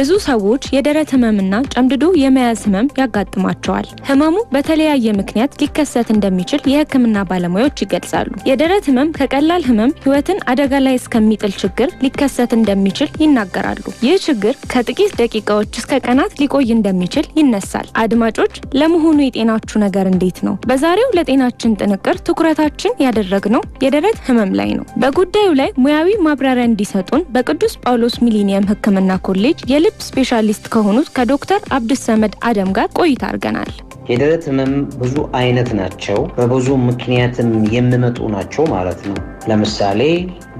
ብዙ ሰዎች የደረት ህመምና ጨምድዶ የመያዝ ህመም ያጋጥማቸዋል። ህመሙ በተለያየ ምክንያት ሊከሰት እንደሚችል የህክምና ባለሙያዎች ይገልጻሉ። የደረት ህመም ከቀላል ህመም ህይወትን አደጋ ላይ እስከሚጥል ችግር ሊከሰት እንደሚችል ይናገራሉ። ይህ ችግር ከጥቂት ደቂቃዎች እስከ ቀናት ሊቆይ እንደሚችል ይነሳል። አድማጮች፣ ለመሆኑ የጤናችሁ ነገር እንዴት ነው? በዛሬው ለጤናችን ጥንቅር ትኩረታችን ያደረግነው የደረት ህመም ላይ ነው። በጉዳዩ ላይ ሙያዊ ማብራሪያ እንዲሰጡን በቅዱስ ጳውሎስ ሚሊኒየም ህክምና ኮሌጅ የል የልብ ስፔሻሊስት ከሆኑት ከዶክተር አብድሰመድ ሰመድ አደም ጋር ቆይታ አድርገናል። የደረት ህመም ብዙ አይነት ናቸው። በብዙ ምክንያትም የሚመጡ ናቸው ማለት ነው። ለምሳሌ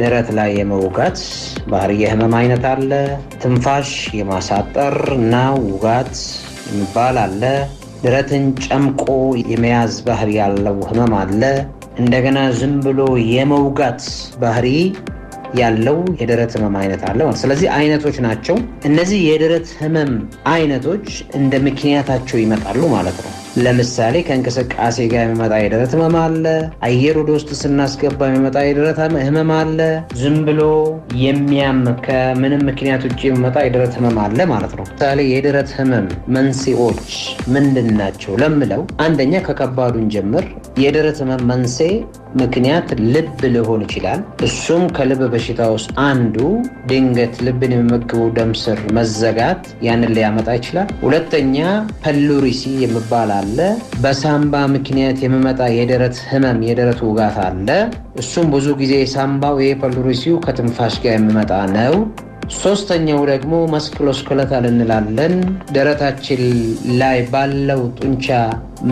ደረት ላይ የመውጋት ባህሪ የህመም አይነት አለ። ትንፋሽ የማሳጠር እና ውጋት የሚባል አለ። ደረትን ጨምቆ የመያዝ ባህሪ ያለው ህመም አለ። እንደገና ዝም ብሎ የመውጋት ባህሪ ያለው የደረት ህመም አይነት አለ ማለት። ስለዚህ አይነቶች ናቸው። እነዚህ የደረት ህመም አይነቶች እንደ ምክንያታቸው ይመጣሉ ማለት ነው። ለምሳሌ ከእንቅስቃሴ ጋር የሚመጣ የደረት ህመም አለ። አየር ወደ ውስጥ ስናስገባ የሚመጣ የደረት ህመም አለ። ዝም ብሎ የሚያም ከምንም ምክንያት ውጭ የሚመጣ የደረት ህመም አለ ማለት ነው። ምሳሌ የደረት ህመም መንስኤዎች ምንድን ናቸው ለምለው፣ አንደኛ ከከባዱን ጀምር። የደረት ህመም መንስኤ ምክንያት ልብ ሊሆን ይችላል። እሱም ከልብ በሽታ ውስጥ አንዱ ድንገት ልብን የሚመግበው ደም ስር መዘጋት ያንን ሊያመጣ ይችላል። ሁለተኛ ፐሉሪሲ የሚባል አለ። በሳምባ ምክንያት የሚመጣ የደረት ህመም፣ የደረት ውጋት አለ። እሱም ብዙ ጊዜ ሳምባው የፐሉሪሲው ከትንፋሽ ጋር የሚመጣ ነው። ሶስተኛው ደግሞ መስክሎስኩለታል እንላለን። ደረታችን ላይ ባለው ጡንቻ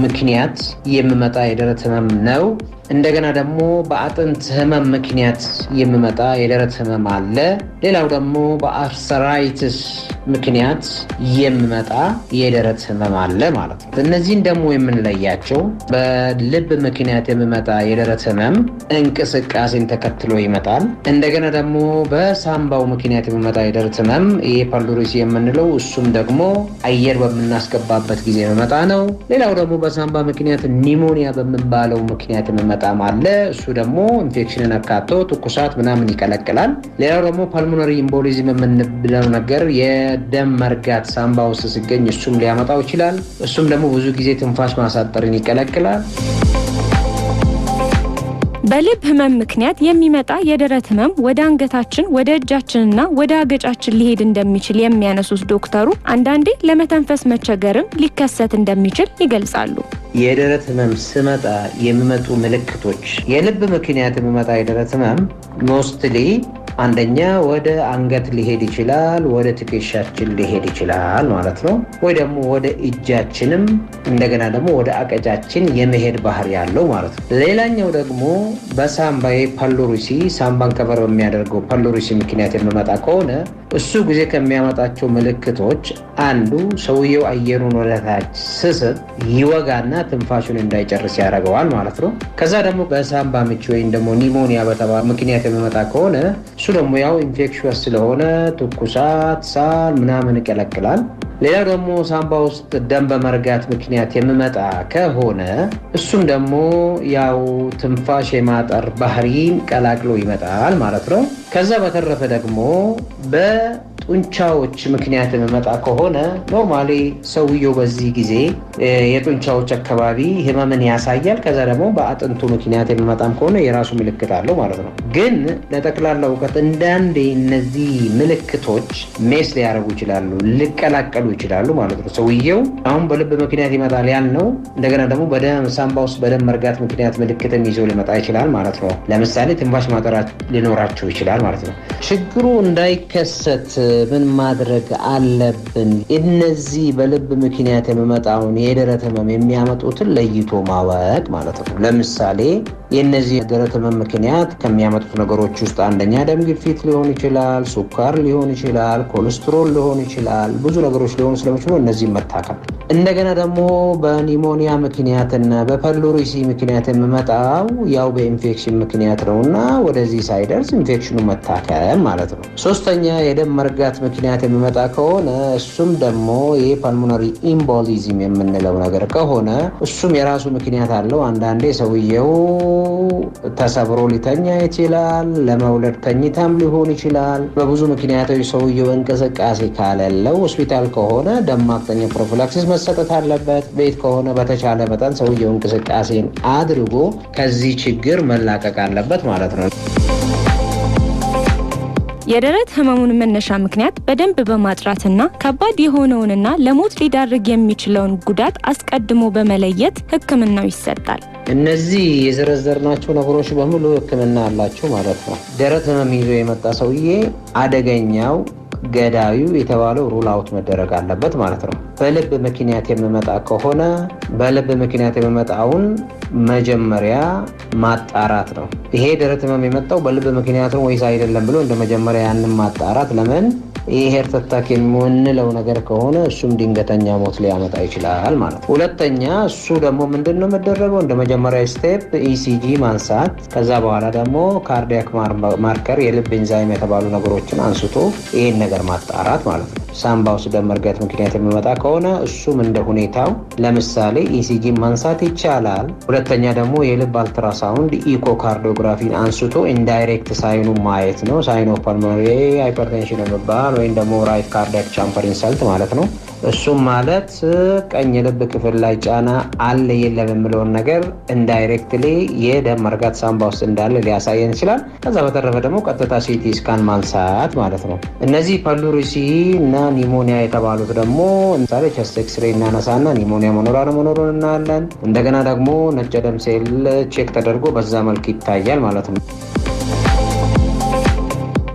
ምክንያት የሚመጣ የደረት ህመም ነው። እንደገና ደግሞ በአጥንት ህመም ምክንያት የሚመጣ የደረት ህመም አለ። ሌላው ደግሞ በአርሰራይትስ ምክንያት የሚመጣ የደረት ህመም አለ ማለት ነው። እነዚህን ደግሞ የምንለያቸው በልብ ምክንያት የሚመጣ የደረት ህመም እንቅስቃሴን ተከትሎ ይመጣል። እንደገና ደግሞ በሳምባው ምክንያት የሚመጣ የደረት ህመም ይሄ ፓልዶሬሲ የምንለው እሱም ደግሞ አየር በምናስገባበት ጊዜ የሚመጣ ነው። ሌላው ደግሞ በሳምባ ምክንያት ኒሞኒያ በምንባለው ምክንያት የሚመጣም አለ። እሱ ደግሞ ኢንፌክሽንን አካቶ ትኩሳት ምናምን ይቀለቅላል። ሌላው ደግሞ ፓልሞነሪ ኢምቦሊዝም የምንብለው ነገር የደም መርጋት ሳምባ ውስጥ ሲገኝ እሱም ሊያመጣው ይችላል። እሱም ደግሞ ብዙ ጊዜ ትንፋሽ ማሳጠርን ይቀለቅላል። በልብ ህመም ምክንያት የሚመጣ የደረት ህመም ወደ አንገታችን፣ ወደ እጃችንና ወደ አገጫችን ሊሄድ እንደሚችል የሚያነሱት ዶክተሩ አንዳንዴ ለመተንፈስ መቸገርም ሊከሰት እንደሚችል ይገልጻሉ። የደረት ህመም ስመጣ የሚመጡ ምልክቶች የልብ ምክንያት የሚመጣ የደረት ህመም ሞስትሊ አንደኛ ወደ አንገት ሊሄድ ይችላል፣ ወደ ትከሻችን ሊሄድ ይችላል ማለት ነው። ወይ ደግሞ ወደ እጃችንም እንደገና ደግሞ ወደ አቀጫችን የመሄድ ባህሪ ያለው ማለት ነው። ሌላኛው ደግሞ በሳምባዬ ፓሎሪሲ ሳምባን ከበር በሚያደርገው ፓሎሪሲ ምክንያት የምመጣ ከሆነ እሱ ጊዜ ከሚያመጣቸው ምልክቶች አንዱ ሰውየው አየሩን ወደታች ስስብ ይወጋና ትንፋሹን እንዳይጨርስ ያደርገዋል ማለት ነው። ከዛ ደግሞ በሳምባ ምች ወይም ደግሞ ኒሞኒያ በተባለ ምክንያት የሚመጣ ከሆነ እሱ ደግሞ ያው ኢንፌክሽስ ስለሆነ ትኩሳት፣ ሳል ምናምን ይቀለቅላል። ሌላው ደግሞ ሳምባ ውስጥ ደም በመርጋት ምክንያት የሚመጣ ከሆነ እሱም ደግሞ ያው ትንፋሽ የማጠር ባህሪን ቀላቅሎ ይመጣል ማለት ነው። ከዛ በተረፈ ደግሞ በጡንቻዎች ምክንያት የሚመጣ ከሆነ ኖርማሊ ሰውየው በዚህ ጊዜ የጡንቻዎች አካባቢ ህመምን ያሳያል። ከዛ ደግሞ በአጥንቱ ምክንያት የምመጣም ከሆነ የራሱ ምልክት አለው ማለት ነው። ግን ለጠቅላላ እውቀት እንዳንዴ እነዚህ ምልክቶች ሜስ ሊያደርጉ ይችላሉ፣ ሊቀላቀሉ ሊሆኑ ይችላሉ ማለት ነው። ሰውየው አሁን በልብ ምክንያት ይመጣል ያልነው እንደገና ደግሞ በደም ሳምባ ውስጥ በደም መርጋት ምክንያት ምልክትም ይዞ ሊመጣ ይችላል ማለት ነው። ለምሳሌ ትንፋሽ ማጠራት ሊኖራቸው ይችላል ማለት ነው። ችግሩ እንዳይከሰት ምን ማድረግ አለብን? እነዚህ በልብ ምክንያት የሚመጣውን የደረት ህመም የሚያመጡትን ለይቶ ማወቅ ማለት ነው። ለምሳሌ የእነዚህ የደረት ህመም ምክንያት ከሚያመጡት ነገሮች ውስጥ አንደኛ ደም ግፊት ሊሆን ይችላል፣ ሱካር ሊሆን ይችላል፣ ኮሌስትሮል ሊሆን ይችላል፣ ብዙ ነገሮች ሊሆኑ ስለሚችሉ እነዚህ መታከም እንደገና ደግሞ በኒሞኒያ ምክንያትና በፐሎሪሲ ምክንያት የምመጣው ያው በኢንፌክሽን ምክንያት ነው እና ወደዚህ ሳይደርስ ኢንፌክሽኑ መታከም ማለት ነው። ሶስተኛ የደም መርጋት ምክንያት የምመጣ ከሆነ እሱም ደግሞ ይህ ኢምቦሊዝም የምንለው ነገር ከሆነ እሱም የራሱ ምክንያት አለው። አንዳንዴ ሰውየው ተሰብሮ ሊተኛ ይችላል። ለመውለድ ተኝታም ሊሆን ይችላል። በብዙ ምክንያቶች ሰውየው እንቅስቃሴ ካለለው ሆስፒታል ከሆነ ከሆነ ደም ፕሮፊላክሲስ መሰጠት አለበት። ቤት ከሆነ በተቻለ መጠን ሰውየው እንቅስቃሴን አድርጎ ከዚህ ችግር መላቀቅ አለበት ማለት ነው። የደረት ህመሙን መነሻ ምክንያት በደንብ በማጥራትና ከባድ የሆነውንና ለሞት ሊዳርግ የሚችለውን ጉዳት አስቀድሞ በመለየት ሕክምናው ይሰጣል። እነዚህ የዘረዘርናቸው ነገሮች በሙሉ ሕክምና አላቸው ማለት ነው። ደረት ህመም ይዞ የመጣ ሰውዬ አደገኛው ገዳዩ የተባለው ሩል አውት መደረግ አለበት ማለት ነው። በልብ ምክንያት የሚመጣ ከሆነ በልብ ምክንያት የሚመጣውን መጀመሪያ ማጣራት ነው። ይሄ ደረት ህመም የመጣው በልብ ምክንያት ነው ወይስ አይደለም ብሎ እንደ መጀመሪያ ያንን ማጣራት ለምን ይሄ ሄርተታክ የምንለው ነገር ከሆነ እሱም ድንገተኛ ሞት ሊያመጣ ይችላል ማለት ነው። ሁለተኛ እሱ ደግሞ ምንድን ነው የሚደረገው? እንደ መጀመሪያ ስቴፕ ኢሲጂ e ማንሳት፣ ከዛ በኋላ ደግሞ ካርዲያክ ማርከር የልብ ኢንዛይም የተባሉ ነገሮችን አንስቶ ይህን ነገር ማጣራት ማለት ነው። ሳምባ ውስጥ ደም መርጋት ምክንያት የሚመጣ ከሆነ እሱም እንደ ሁኔታው ለምሳሌ ኢሲጂ ማንሳት ይቻላል። ሁለተኛ ደግሞ የልብ አልትራሳውንድ ኢኮካርዲዮግራፊን አንስቶ ኢንዳይሬክት ሳይኑ ማየት ነው። ሳይኖ ፐልሞናሪ ሃይፐርቴንሽን የሚባል ወይም ደግሞ ራይት ካርዲያክ ቻምበር ኢንሰልት ማለት ነው። እሱም ማለት ቀኝ የልብ ክፍል ላይ ጫና አለ የለም የምለውን ነገር ኢንዳይሬክትሊ የደም መርጋት ሳምባ ውስጥ እንዳለ ሊያሳየን ይችላል። ከዛ በተረፈ ደግሞ ቀጥታ ሲቲ ስካን ማንሳት ማለት ነው። እነዚህ ፓሉሪሲ እና ኒሞኒያ የተባሉት ደግሞ ምሳሌ ቸስት ኤክስሬ እናነሳና ኒሞኒያ መኖር አለመኖሩን እናያለን። እንደገና ደግሞ ነጭ ደም ሴል ቼክ ተደርጎ በዛ መልክ ይታያል ማለት ነው።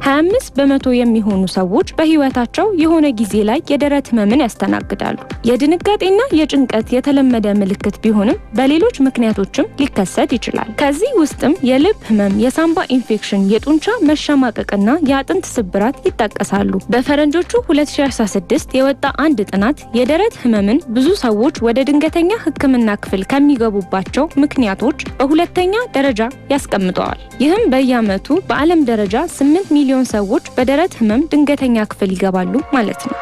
25 በመቶ የሚሆኑ ሰዎች በህይወታቸው የሆነ ጊዜ ላይ የደረት ህመምን ያስተናግዳሉ። የድንጋጤና የጭንቀት የተለመደ ምልክት ቢሆንም በሌሎች ምክንያቶችም ሊከሰት ይችላል። ከዚህ ውስጥም የልብ ህመም፣ የሳምባ ኢንፌክሽን፣ የጡንቻ መሸማቀቅና የአጥንት ስብራት ይጠቀሳሉ። በፈረንጆቹ 2016 የወጣ አንድ ጥናት የደረት ህመምን ብዙ ሰዎች ወደ ድንገተኛ ህክምና ክፍል ከሚገቡባቸው ምክንያቶች በሁለተኛ ደረጃ ያስቀምጠዋል። ይህም በየዓመቱ በዓለም ደረጃ 8 ሚሊዮን ሚሊዮን ሰዎች በደረት ህመም ድንገተኛ ክፍል ይገባሉ ማለት ነው።